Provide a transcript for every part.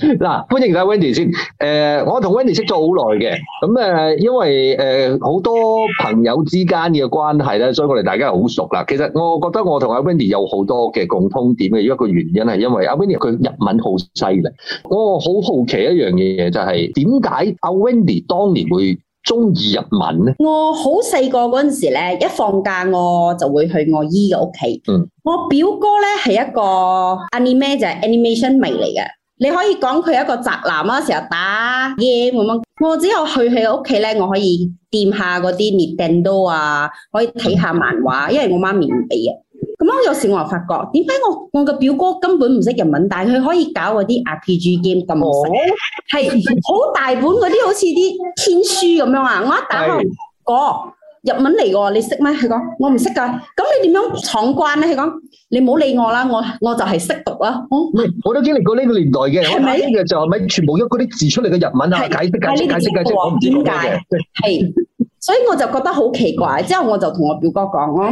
嗱，歡迎曬 Wendy 先。誒，我同 Wendy 識咗好耐嘅，咁誒，因為誒好多朋友之間嘅關係咧，所以我哋大家又好熟啦。其實我覺得我同阿 Wendy 有好多嘅共通點嘅一個原因係因為阿 Wendy 佢日文好犀利。我好好奇一樣嘅嘢就係點解阿 Wendy 當年會中意日文咧？我好細個嗰陣時咧，一放假我就會去我姨嘅屋企。嗯，我表哥咧係一個 anime 就係 animation 迷嚟嘅。你可以講佢一個宅男啊，成日打 game 咁樣。我只有去佢屋企咧，我可以掂下嗰啲 Nintendo 啊，可以睇下漫畫，因為我媽咪唔俾啊。咁啊，有時我又發覺點解我我個表哥根本唔識日文，但係佢可以搞嗰啲 RPG game 咁識，係好、哦、大本嗰啲好似啲天書咁樣啊！我一打開是過。日文嚟嘅，你識咩？佢講，我唔識噶。咁你點樣闖關咧？佢講，你唔好理我啦，我我就係識讀啦，啊嗯。我都經歷過呢個年代嘅，係咪吧？就就咪全部用嗰啲字出嚟嘅日文啊，是解,釋解,釋解釋解釋解釋解釋，我唔知點解。係的， 所以我就覺得好奇怪。之後我就同我表哥講咯，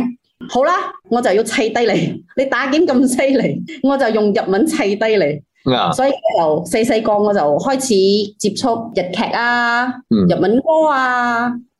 好啦，我就要砌低你，你打劍咁犀利，我就用日文砌低你。啊、所以由細細個我就開始接觸日劇啊，日文歌啊。嗯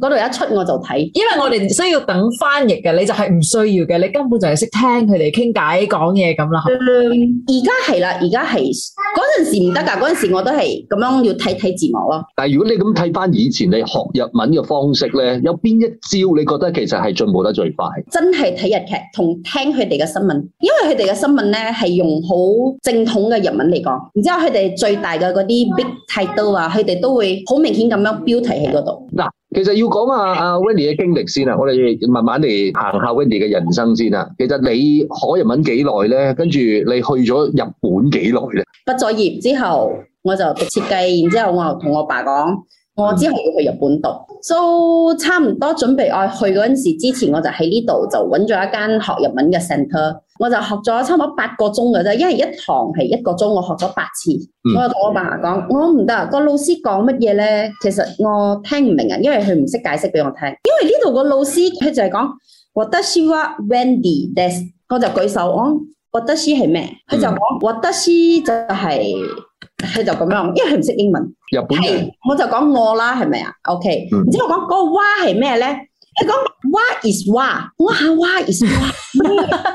嗰度一出我就睇，因為我哋需要等翻譯嘅，你就係唔需要嘅，你根本就係識聽佢哋傾偈講嘢咁啦。嗯，而家係啦，而家係嗰陣時唔得㗎，嗰陣時我都係咁樣要睇睇字幕咯。但係如果你咁睇翻以前你學日文嘅方式咧，有邊一招你覺得其實係進步得最快？真係睇日劇同聽佢哋嘅新聞，因為佢哋嘅新聞咧係用好正統嘅日文嚟講，然之後佢哋最大嘅嗰啲 big title 啊，佢哋都會好明顯咁樣標題喺嗰度嗱。啊。其實要講下啊 Wendy 嘅經歷先啦、啊，我哋慢慢嚟行下 Wendy 嘅人生先啦、啊。其實你學日文幾耐咧？跟住你去咗日本幾耐咧？畢咗業之後，我就讀設計，然之後我又同我爸講，我之後要去日本讀。So，差唔多準備我、啊、去嗰陣時之前，我就喺呢度就揾咗一間學日文嘅 centre。我就學咗差唔多八個鐘嘅啫，因為一堂係一個鐘，我學咗八次。嗯、我就同我爸講，我唔得，個老師講乜嘢咧？其實我聽唔明啊，因為佢唔識解釋俾我聽。因為呢度個老師佢就係講 Watashi wa Wendy desu.，我就舉手，我 Watashi 係咩？佢就講 Watashi 就係、是，佢就咁樣，因為佢唔識英文。日本人。係，我就講我啦，係咪啊？OK，然之後講個 wa 係咩咧？你講 what is what？what what is what？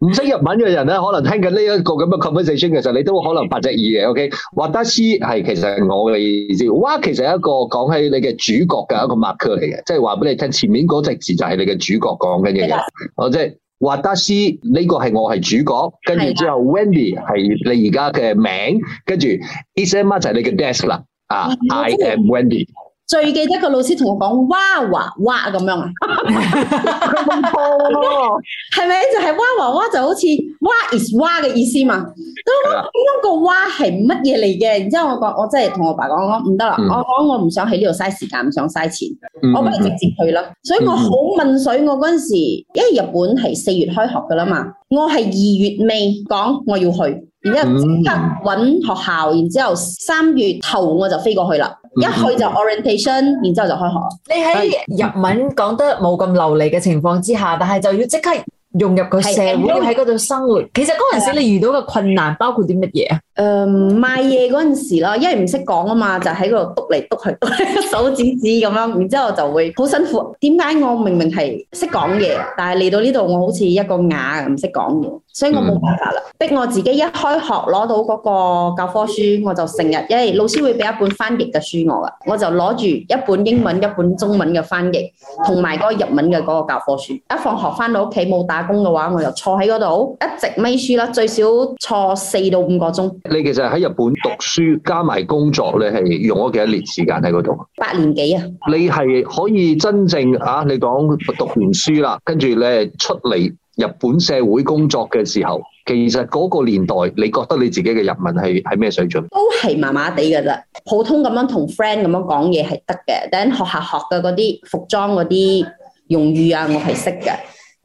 唔識日文嘅人咧，可能聽緊呢一個咁嘅 conversation 嘅時候，你都可能發隻耳嘅。OK，watashi 係其實係我嘅意思。what 其實係一個講起你嘅主角嘅一個 marker 嚟嘅，即係話俾你聽，前面嗰隻字就係你嘅主角講緊嘅嘢。我即係 watashi 呢個係我係主角，跟住之後 Wendy 係你而家嘅名，跟住 is 乜就係你嘅 desk 啦。啊，I am Wendy。最記得個老師同我講哇，哇，哇咁樣、啊，係 咪？ 就係、是、哇，哇，哇，就好似哇，is 哇嘅意思嘛。咁了我講個哇係乜嘢嚟嘅？然之後我講，我真係同我爸講，我唔得啦，嗯、我我我唔想喺呢度嘥時間，唔想嘥錢，嗯、我不如直接去啦。所以我好問水，我嗰陣時，因為日本係四月開學噶啦嘛，我係二月尾講我要去，然之後即刻搵學校，然之後三月頭我就飛過去啦。一去就 orientation，然之後就開學。你喺日文講得冇咁流利嘅情況之下，但係就要即刻融入佢社會的要喺嗰度生活，的其實嗰陣時你遇到嘅困難包括啲乜嘢啊？誒、嗯、賣嘢嗰陣時啦，因為唔識講啊嘛，就喺嗰度督嚟督去 手指指咁樣，然之後就會好辛苦。點解我明明係識講嘢，但係嚟到呢度我好似一個啞唔識講嘢，所以我冇辦法啦，嗯、逼我自己一開學攞到嗰個教科書，我就成日因為老師會俾一本翻譯嘅書我噶，我就攞住一本英文一本中文嘅翻譯，同埋嗰個日文嘅嗰個教科書。一放學翻到屋企冇打工嘅話，我就坐喺嗰度一直咪書啦，最少坐四到五個鐘。你其實喺日本讀書加埋工作，你係用咗幾多年時間喺嗰度？八年幾啊！你係可以真正嚇、啊、你講讀完書啦，跟住咧出嚟日本社會工作嘅時候，其實嗰個年代，你覺得你自己嘅日文係係咩水準？都係麻麻地㗎啦，普通咁樣同 friend 咁樣講嘢係得嘅。等學校學嘅嗰啲服裝嗰啲用語啊，我係識嘅。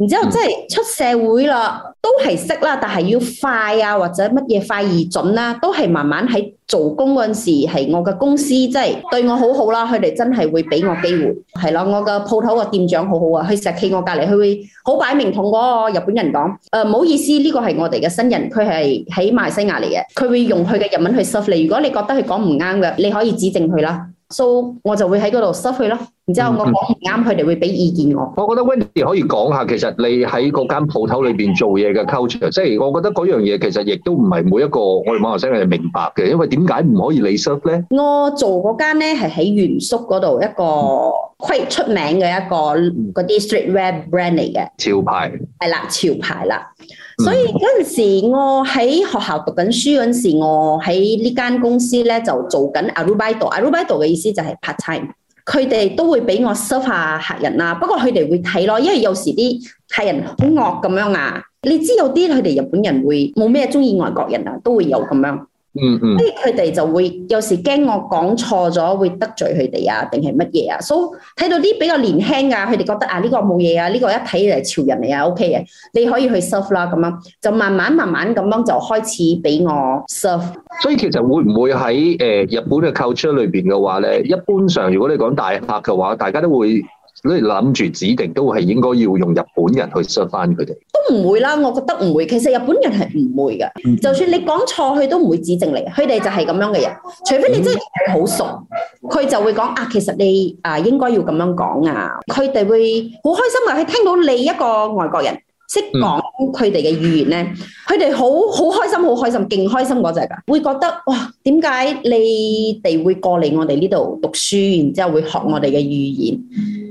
然之後即係出社會啦，都係識啦，但係要快啊，或者乜嘢快而準啦，都係慢慢喺做工嗰陣時，係我嘅公司，即係對我好好啦。佢哋真係會俾我機會，係啦，我嘅鋪頭個店長好好啊，佢成日企我隔離，佢會好擺明同嗰個日本人講，誒，唔好意思，呢個係我哋嘅新人，佢係喺馬來西亞嚟嘅，佢會用佢嘅日文去 serve 你。如果你覺得佢講唔啱嘅，你可以指正佢啦。So 我就會喺嗰度 serve 佢咯，然之後我講唔啱，佢哋會俾意見我。我覺得 Wendy 可以講下，其實你喺嗰間鋪頭裏邊做嘢嘅 culture，即係我覺得嗰樣嘢其實亦都唔係每一個我哋馬來西亞人明白嘅，因為點解唔可以你 serve 咧？我做嗰間咧係喺原宿嗰度一個 quite 出名嘅一個嗰啲 streetwear brand 嚟嘅潮牌。係啦，潮牌啦。所以嗰陣時，我喺學校讀緊書嗰時，我喺呢間公司咧就做緊アルバイト。アルバイト嘅意思就係 part time。佢哋都會俾我 serve 下客人啊。不過佢哋會睇咯，因為有時啲客人好惡咁樣啊。你知道啲佢哋日本人會冇咩中意外國人啊，都會有咁樣。嗯嗯，所以佢哋就會有時驚我講錯咗會得罪佢哋啊，定係乜嘢啊？所、so, 睇到啲比較年輕噶，佢哋覺得啊呢個冇嘢啊，呢、這個啊這個一睇嚟，潮人嚟啊，OK 嘅，你可以去 serve 啦咁樣，就慢慢慢慢咁樣就開始俾我 serve。所以其實會唔會喺誒、呃、日本嘅 culture 裏邊嘅話咧，一般上如果你講大客嘅話，大家都會。你諗住指定都係應該要用日本人去 shut 翻佢哋，都唔會啦。我覺得唔會，其實日本人係唔會嘅。就算你講錯，佢都唔會指正你。佢哋就係咁樣嘅人，除非你真係好熟，佢就會講啊，其實你啊，應該要咁樣講啊。佢哋會好開心啊。佢聽到你一個外國人識講佢哋嘅語言咧，佢哋好好開心，好開心，勁開心嗰隻嘅，會覺得哇，點解你哋會過嚟我哋呢度讀書，然之後會學我哋嘅語言。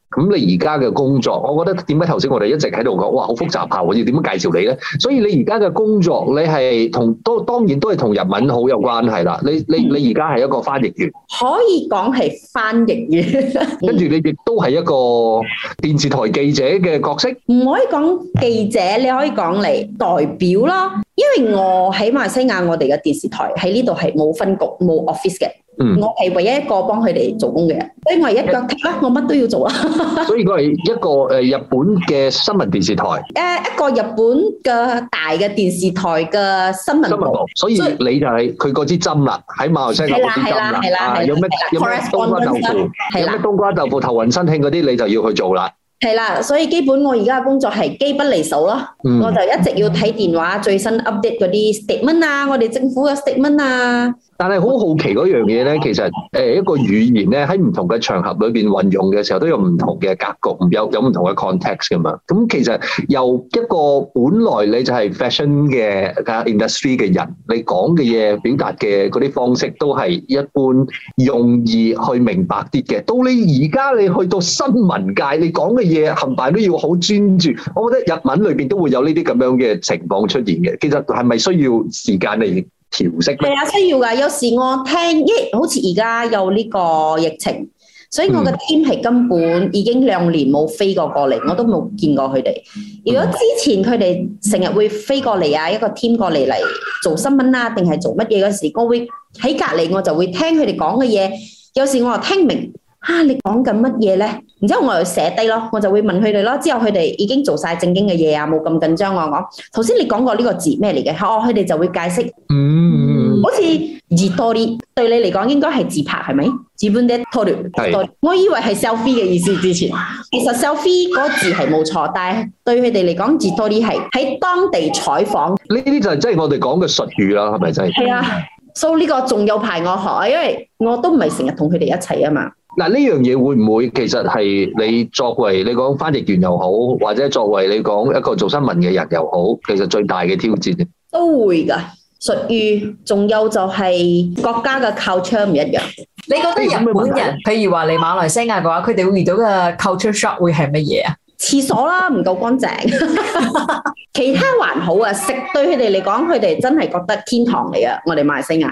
咁你而家嘅工作，我覺得點解頭先我哋一直喺度講，哇，好複雜啊！我要點樣介紹你咧？所以你而家嘅工作，你係同都當然都係同日文好有關係啦。你你你而家係一個翻譯員，可以講係翻譯員。跟住你亦都係一個電視台記者嘅角色，唔可以講記者，你可以講嚟代表囉。因為我喺馬來西亞，我哋嘅電視台喺呢度係冇分局冇 office 嘅。嗯，我係唯一一個幫佢哋做工嘅，所以我係一腳踢，我乜都要做啊。所以佢係一個誒日本嘅新聞電視台。誒一個日本嘅大嘅電視台嘅新聞。新聞台。所以你就係佢嗰支針啦，喺馬來西亞嗰支針啦。係啦係啦係啦。有乜有冬瓜豆腐？有乜冬瓜豆腐？頭暈身興嗰啲，你就要去做啦。係啦，所以基本我而家嘅工作係機不離手咯，我就一直要睇電話最新 update 嗰啲 statement 啊，我哋政府嘅 statement 啊。但係好好奇嗰樣嘢咧，其實誒一個語言咧，喺唔同嘅場合裏邊運用嘅時候都有唔同嘅格局，有有唔同嘅 context 㗎嘛。咁其實由一個本來你就係 fashion 嘅 industry 嘅人，你講嘅嘢、表達嘅嗰啲方式都係一般容易去明白啲嘅。到你而家你去到新聞界，你講嘅嘢冚唪唥都要好專注，我覺得日文裏邊都會有呢啲咁樣嘅情況出現嘅。其實係咪需要時間嚟調適？係啊，需要㗎。有時我聽，咦，好似而家有呢個疫情，所以我嘅 team 係根本已經兩年冇飛過過嚟，我都冇見過佢哋。如果之前佢哋成日會飛過嚟啊，一個 team 過嚟嚟做新聞啦，定係做乜嘢嗰時，我會喺隔籬我就會聽佢哋講嘅嘢。有時我又聽明。嚇、啊！你講緊乜嘢咧？然之後我又寫低咯，我就會問佢哋咯。之後佢哋已經做晒正經嘅嘢啊，冇咁緊張。我講頭先你講過呢個字咩嚟嘅？哦，佢哋就會解釋。嗯，嗯，好似字多啲，對你嚟講應該係自拍係咪？自本啲拖脱拖脱。是我以為係 selfie 嘅意思之前，其實 selfie 嗰字係冇錯， 但係對佢哋嚟講字多啲係喺當地採訪。呢啲就係即係我哋講嘅術語啦，係咪真係？係啊，So 呢個仲有排我學啊，因為我都唔係成日同佢哋一齊啊嘛。嗱，呢樣嘢會唔會其實係你作為你講翻譯員又好，或者作為你講一個做新聞嘅人又好，其實最大嘅挑戰都會㗎，屬於仲有就係國家嘅 culture 唔一樣。你覺得日本人，譬如話嚟馬來西亞嘅話，佢哋會遇到嘅 culture shock 會係乜嘢啊？廁所啦，唔夠乾淨， 其他還好啊。食對佢哋嚟講，佢哋真係覺得天堂嚟啊！我哋馬來西亞。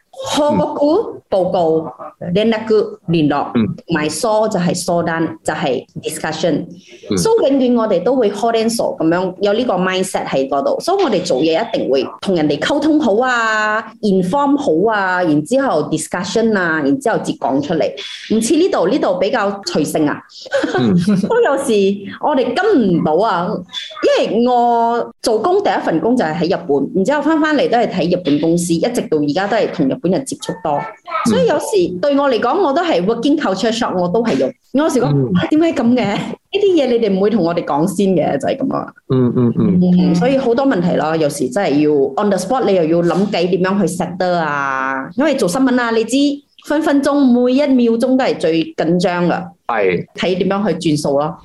學個股報告，then 一個聯絡，埋 saw、嗯、就係 saw 單，就係、是、discussion。嗯、所以永遠我哋都會 call and saw 咁樣，有呢個 mindset 喺嗰度。所以我哋做嘢一定會同人哋溝通好啊，inform 好啊，然之後 discussion 啊，然之後接講出嚟。唔似呢度，呢度比較隨性啊，都 有時我哋跟唔到啊，因為我做工第一份工就係喺日本，然之後翻翻嚟都係睇日本公司，一直到而家都係同日本。人接觸多，所以有時對我嚟講，我都係 working culture shock，我都係用。有時講，點解咁嘅？呢啲嘢你哋唔會同我哋講先嘅，就係咁咯。嗯嗯嗯，所以好多問題咯，有時真係要 on the spot，你又要諗計點樣去 set 得啊。因為做新聞啊，你知分分鐘每一秒鐘都係最緊張噶，係睇點樣去轉數咯。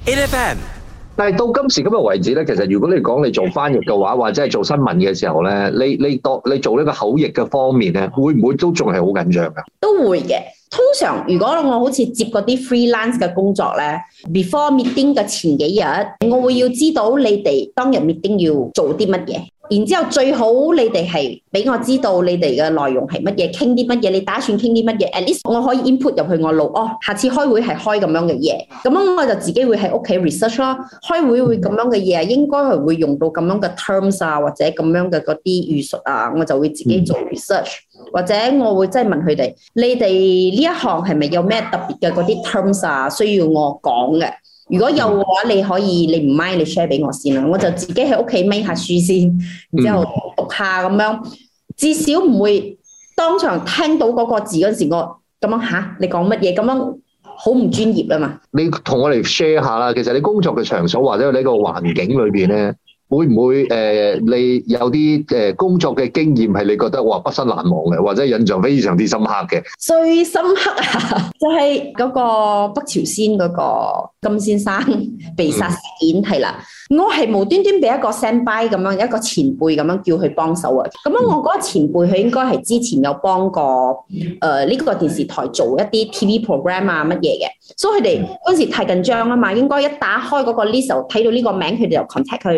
但係到今時今日為止咧，其實如果你講你做翻譯嘅話，或者係做新聞嘅時候咧，你你當你做呢個口譯嘅方面咧，會唔會都仲係好緊張嘅？都會嘅。通常如果我好似接嗰啲 freelance 嘅工作咧，before meeting 嘅前幾日，我會要知道你哋當日 meeting 要做啲乜嘢。然之後最好你哋係俾我知道你哋嘅內容係乜嘢，傾啲乜嘢，你打算傾啲乜嘢？At least 我可以 input 入去我腦哦。下次開會係開咁樣嘅嘢，咁樣我就自己會喺屋企 research 咯。開會會咁樣嘅嘢，應該係會用到咁樣嘅 terms 啊，或者咁樣嘅嗰啲語術啊，我就會自己做 research，或者我會即係問佢哋，你哋呢一行係咪有咩特別嘅嗰啲 terms 啊，需要我講嘅？如果有嘅話，你可以你唔 m 你 share 俾我先啦，我就自己喺屋企咪下書先，然之後讀下咁、嗯、樣，至少唔會當場聽到嗰個字嗰陣時，我咁樣吓你講乜嘢咁樣好唔專業啦嘛。你同我哋 share 下啦。其實你工作嘅場所或者你個環境裏邊咧，會唔會誒、呃、你有啲誒工作嘅經驗係你覺得哇、呃、畢生難忘嘅，或者印象非常之深刻嘅？最深刻啊，就係嗰個北朝鮮嗰、嗰個。金先生被殺事件係啦、嗯，我係無端端俾一個 send by 咁樣，一個前輩咁樣叫佢幫手啊。咁樣我嗰個前輩佢應該係之前有幫過誒呢、呃呢個電視台做一啲 TV program 啊乜嘢嘅，所以佢哋嗰陣時太緊張啊嘛，應該一打開嗰個 list 睇到呢個名，佢哋就 contact 佢。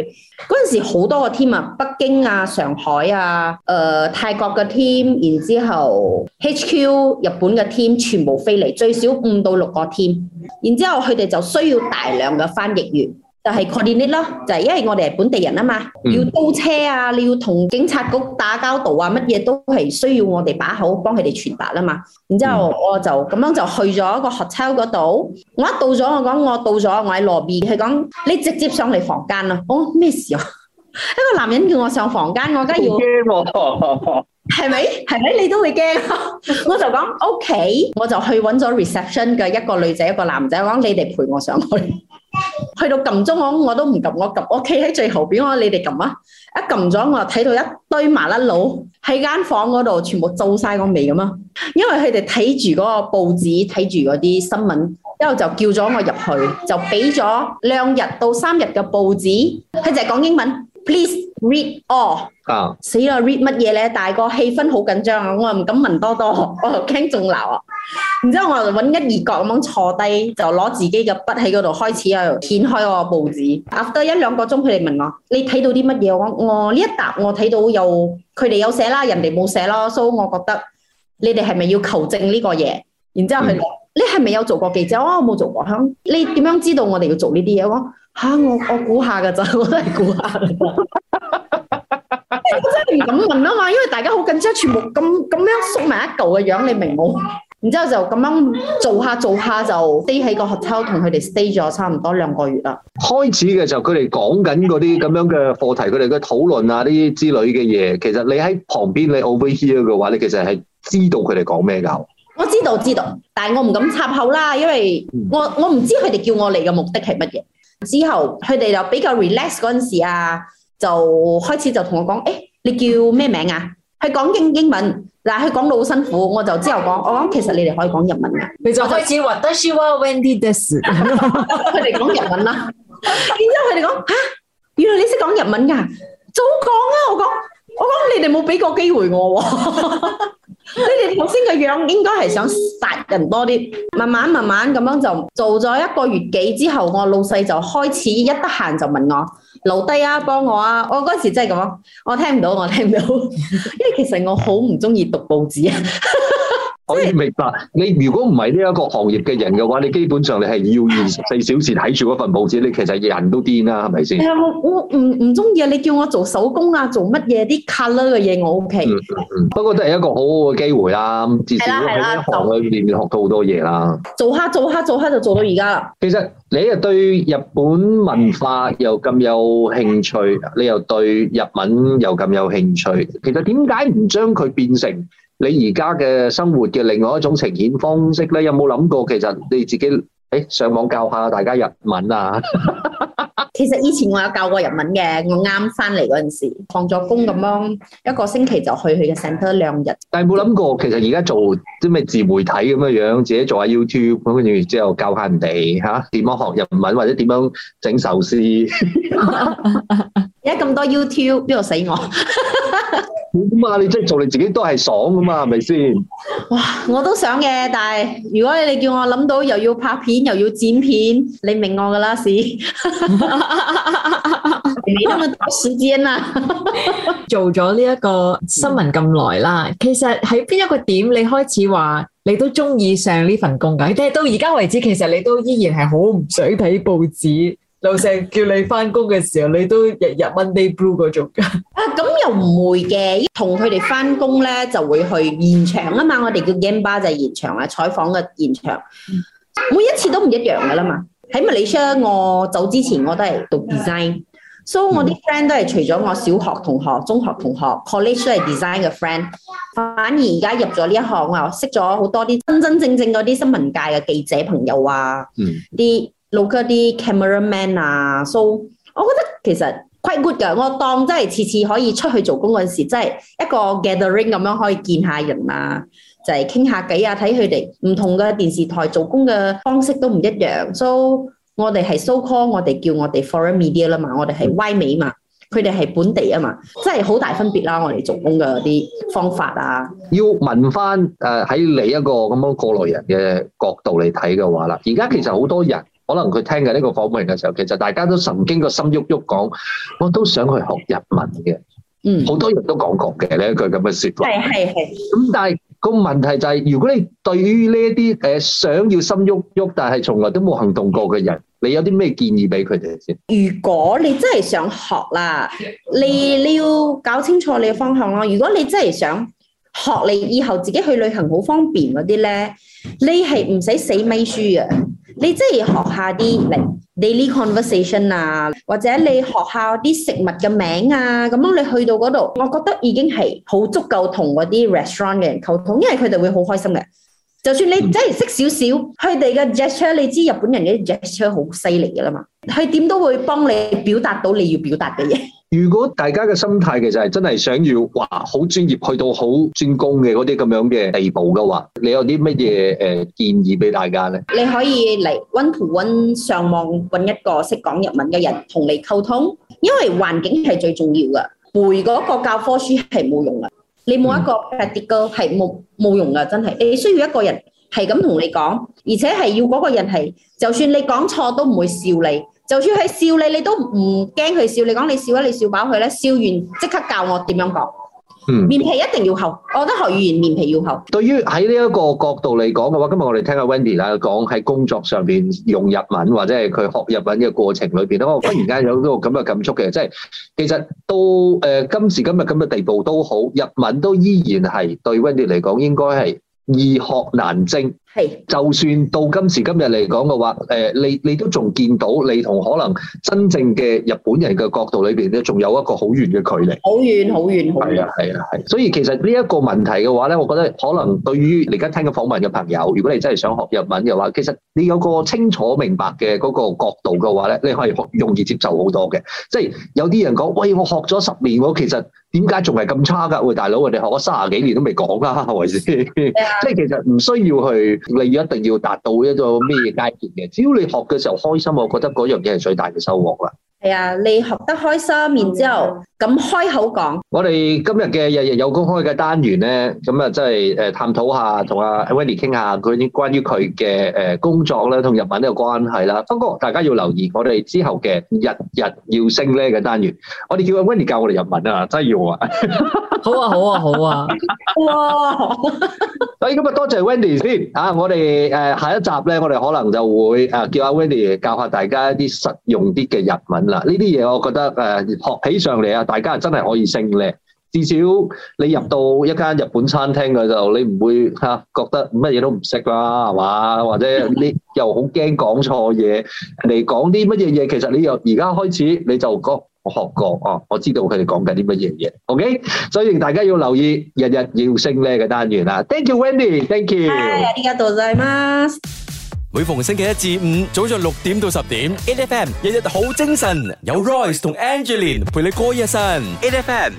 嗰陣時好多個 team 啊，北京啊、上海啊、誒、呃、泰國嘅 team，然之後 HQ 日本嘅 team 全部飛嚟，最少五到六個 team。然之後佢哋就需要大量嘅翻譯員，就係 connect 啲咯，就係、是、因為我哋係本地人啊嘛，嗯、要倒車啊，你要同警察局打交道啊，乜嘢都係需要我哋把口幫佢哋傳達啊嘛。然之後我就咁樣就去咗個 hotel 嗰度，我一到咗我講我到咗，我喺 lobby，佢講你直接上嚟房間啦，啊，哦，咩事啊？ 一個男人叫我上房間，我梗要。 係咪？係咪？你都會驚、 okay？我就講 OK，我就去揾咗 reception 嘅一個女仔，一個男仔，我講，你哋陪我上去。 去到撳鐘，我我都唔撳，我撳，我企喺最後邊，我話你哋撳啊！一撳咗，我就睇到一堆麻甩佬喺間房嗰度，全部做晒嗰味咁啊！因為佢哋睇住嗰個報紙，睇住嗰啲新聞，之後就叫咗我入去，就畀咗兩日到三日嘅報紙，佢就係講英文。Please read all，oh, oh。死啦！read 乜嘢咧？但係個氣氛好緊張啊，我又唔敢問多多，哦、我又驚仲鬧啊。然之後我就揾一二角咁樣坐低，就攞自己嘅筆喺嗰度開始啊，掀開我報紙，壓得一兩個鐘。佢哋問我：你睇到啲乜嘢？我、哦、我呢一答我睇到有，佢哋有寫啦，人哋冇寫咯，所以我覺得你哋係咪要求證呢個嘢？然之後佢：嗯、你係咪有做過記者？哦、我冇做過。佢：你點樣知道我哋要做呢啲嘢？我吓，我我估下噶咋，我都係估下噶。我真係唔敢問啊嘛，因為大家好緊張，全部咁咁樣縮埋一嚿嘅樣，你明冇？然之後就咁樣做下做下就 stay 喺個學抽，同佢哋 stay 咗差唔多兩個月啦。開始嘅時候，佢哋講緊嗰啲咁樣嘅課題，佢哋嘅討論啊，呢啲之類嘅嘢。其實你喺旁邊，你 over here 嘅話，你其實係知道佢哋講咩噶。我知道知道，但係我唔敢插口啦，因為我我唔知佢哋叫我嚟嘅目的係乜嘢。之後佢哋就比較 relax 嗰陣時啊，就開始就同我講，誒、欸，你叫咩名啊？佢講英英文，嗱、啊，佢講到好辛苦，我就之後講，我講其實你哋可以講日文噶，佢就開始私は Wendy です，佢哋講日文啦，然之後佢哋講吓，原來你識講日文噶，早講啊。我講，我講你哋冇俾過機會我、啊。 你哋頭先個樣應該係想殺人多啲，慢慢慢慢咁樣就做咗一個月幾之後，我老細就開始一得閒就問我留低啊，幫我啊。我嗰時真係咁樣，我聽唔到，我聽唔到，因為其實我好唔中意讀報紙啊。 我要明白，你如果唔係呢一個行業嘅人嘅話，你基本上你係要二十四小時睇住嗰份報紙，你其實人都癲啦，係咪先？誒、欸，我我唔唔中意啊！你叫我做手工啊，做乜嘢啲 colour 嘅嘢，我 O K、嗯。嗯，嗯。不過都係一個好好嘅機會啦，至少喺呢行裏面學到好多嘢啦。做下做下做下就做到而家啦。其實你又對日本文化又咁有興趣，你又對日文又咁有興趣，其實點解唔將佢變成？你而家嘅生活嘅另外一種呈現方式咧，有冇諗過其實你自己誒、欸、上網教下大家日文啊？ 其實以前我有教過日文嘅，我啱翻嚟嗰陣時放咗工，咁樣一個星期就去去嘅成多兩日。 但係冇諗過，其實而家做啲咩自媒體咁樣樣，自己做下 YouTube，跟住之後教下人哋嚇點樣學日文或者點樣整壽司。 而家咁多 YouTube，邊度死我？咁 啊，你真係做你自己都係爽噶嘛，係咪先？哇！我都想嘅，但係如果你叫我諗到又要拍片又要剪片，你明我噶啦，是。你 咁 多時間啊？ 做咗呢一個新聞咁耐啦，其實喺邊一個點你開始話你都中意上呢份工嘅？但係到而家為止，其實你都依然係好唔想睇報紙。老成叫你翻工嘅時候，你都日日 Monday Blue 嗰種噶？啊，咁又唔會嘅，同佢哋翻工咧，就會去現場啊嘛。我哋叫 genba 就係現場啊，採訪嘅現場。每一次都唔一樣噶啦嘛。喺 Malaysia 我走之前我都係讀 design，、嗯、所以我啲 friend 都係除咗我小學同學、中學同學，college 都係 design 嘅 friend。反而而家入咗呢一行啊，識咗好多啲真真正正嗰啲新聞界嘅記者朋友啊，啲、嗯。local 啲 camera man 啊，so 我覺得其實 quite good 㗎。我當真係次次可以出去做工嗰陣時，真係一個 gathering 咁樣可以見下人啊，就係、是、傾下偈啊。睇佢哋唔同嘅電視台做工嘅方式都唔一樣，so 我哋係 so call 我哋叫我哋 foreign media 啦嘛，我哋係外媒嘛，佢哋係本地啊嘛，真係好大分別啦。我哋做工嘅啲方法啊，要問翻誒喺你一個咁樣過來人嘅角度嚟睇嘅話啦，而家其實好多人。可能佢聽緊呢個訪問嘅時候，其實大家都曾經個心喐喐，講，我都想去學日文嘅。嗯，好多人都講過嘅呢一句咁嘅說法。係係係。咁但係個問題就係，如果你對於呢一啲誒想要心喐喐，但係從來都冇行動過嘅人，你有啲咩建議俾佢哋先？如果你真係想學啦，你你要搞清楚你嘅方向咯。如果你真係想學，你以後自己去旅行好方便嗰啲咧，你係唔使死咪書嘅。你即係學下啲 daily conversation 啊，或者你學下啲食物嘅名啊，咁樣你去到嗰度，我覺得已經係好足夠同嗰啲 restaurant 嘅人溝通，因為佢哋會好開心嘅。就算你真係識少少，佢哋嘅 gesture，你知日本人嘅 gesture 好犀利噶啦嘛。係點都會幫你表達到你要表達嘅嘢。如果大家嘅心態其實係真係想要話好專業，去到好專攻嘅嗰啲咁樣嘅地步嘅話，你有啲乜嘢誒建議俾大家咧？你可以嚟温圖温上網揾一個識講日文嘅人同你溝通，因為環境係最重要嘅。背嗰個教科書係冇用嘅，你冇一個 practical 係冇冇用嘅，真係你需要一個人係咁同你講，而且係要嗰個人係就算你講錯都唔會笑你。就算係笑你，你都唔驚佢笑你。講你笑啦，你笑飽佢咧，笑完即刻教我點樣講。嗯，面皮一定要厚，我覺得學語言面皮要厚。對於喺呢一個角度嚟講嘅話，今日我哋聽阿 Wendy 啦講喺工作上邊用日文，或者係佢學日文嘅過程裏邊咧，我忽然間有個咁嘅感觸嘅，即係其實到誒今時今日咁嘅地步都好，日文都依然係對 Wendy 嚟講應該係易學難精。就算到今時今日嚟講嘅話，誒、呃、你你都仲見到你同可能真正嘅日本人嘅角度裏邊咧，仲有一個好遠嘅距離。好遠，好遠，係啊，係啊，係、啊啊。所以其實呢一個問題嘅話咧，我覺得可能對於你而家聽緊訪問嘅朋友，如果你真係想學日文嘅話，其實你有個清楚明白嘅嗰個角度嘅話咧，你可以容易接受好多嘅。即係有啲人講，喂，我學咗十年，我其實點解仲係咁差㗎？喂，大佬，我哋學咗三十幾年都未講啦，係咪先？ 即係其實唔需要去。你一定要達到一個咩階段嘅？只要你學嘅時候開心，我覺得嗰樣嘢係最大嘅收穫啦。係啊，你學得開心，然之後咁開口講。我哋今日嘅日日有公開嘅單元咧，咁啊，即係誒探討下，同阿 Wendy 傾下佢關於佢嘅誒工作咧，同日文呢個關係啦。不過大家要留意，我哋之後嘅日日要升咧嘅單元，我哋叫阿 Wendy 教我哋日文啊，真係要啊！好啊，好啊，好啊！哇！所以今日，多謝 Wendy 先啊！我哋誒下一集咧，我哋可能就會誒叫阿 Wendy 教下大家一啲實用啲嘅日文。嗱，呢啲嘢我覺得誒學起上嚟啊，大家真係可以升 level。至少你入到一間日本餐廳嘅時候，你唔會嚇覺得乜嘢都唔識啦，係嘛？或者你又好驚講錯嘢，人哋講啲乜嘢嘢。其實你又而家開始你就講，我學過哦，我知道佢哋講緊啲乜嘢嘢。OK，所以大家要留意，日日要升 level 嘅單元啦。Thank you Wendy，Thank you。係，ありがとうございます。每逢星期一至五，早上六點到十點，A F M 日日好精神，有 Royce 同 Angelin 陪你過一晨，A F M。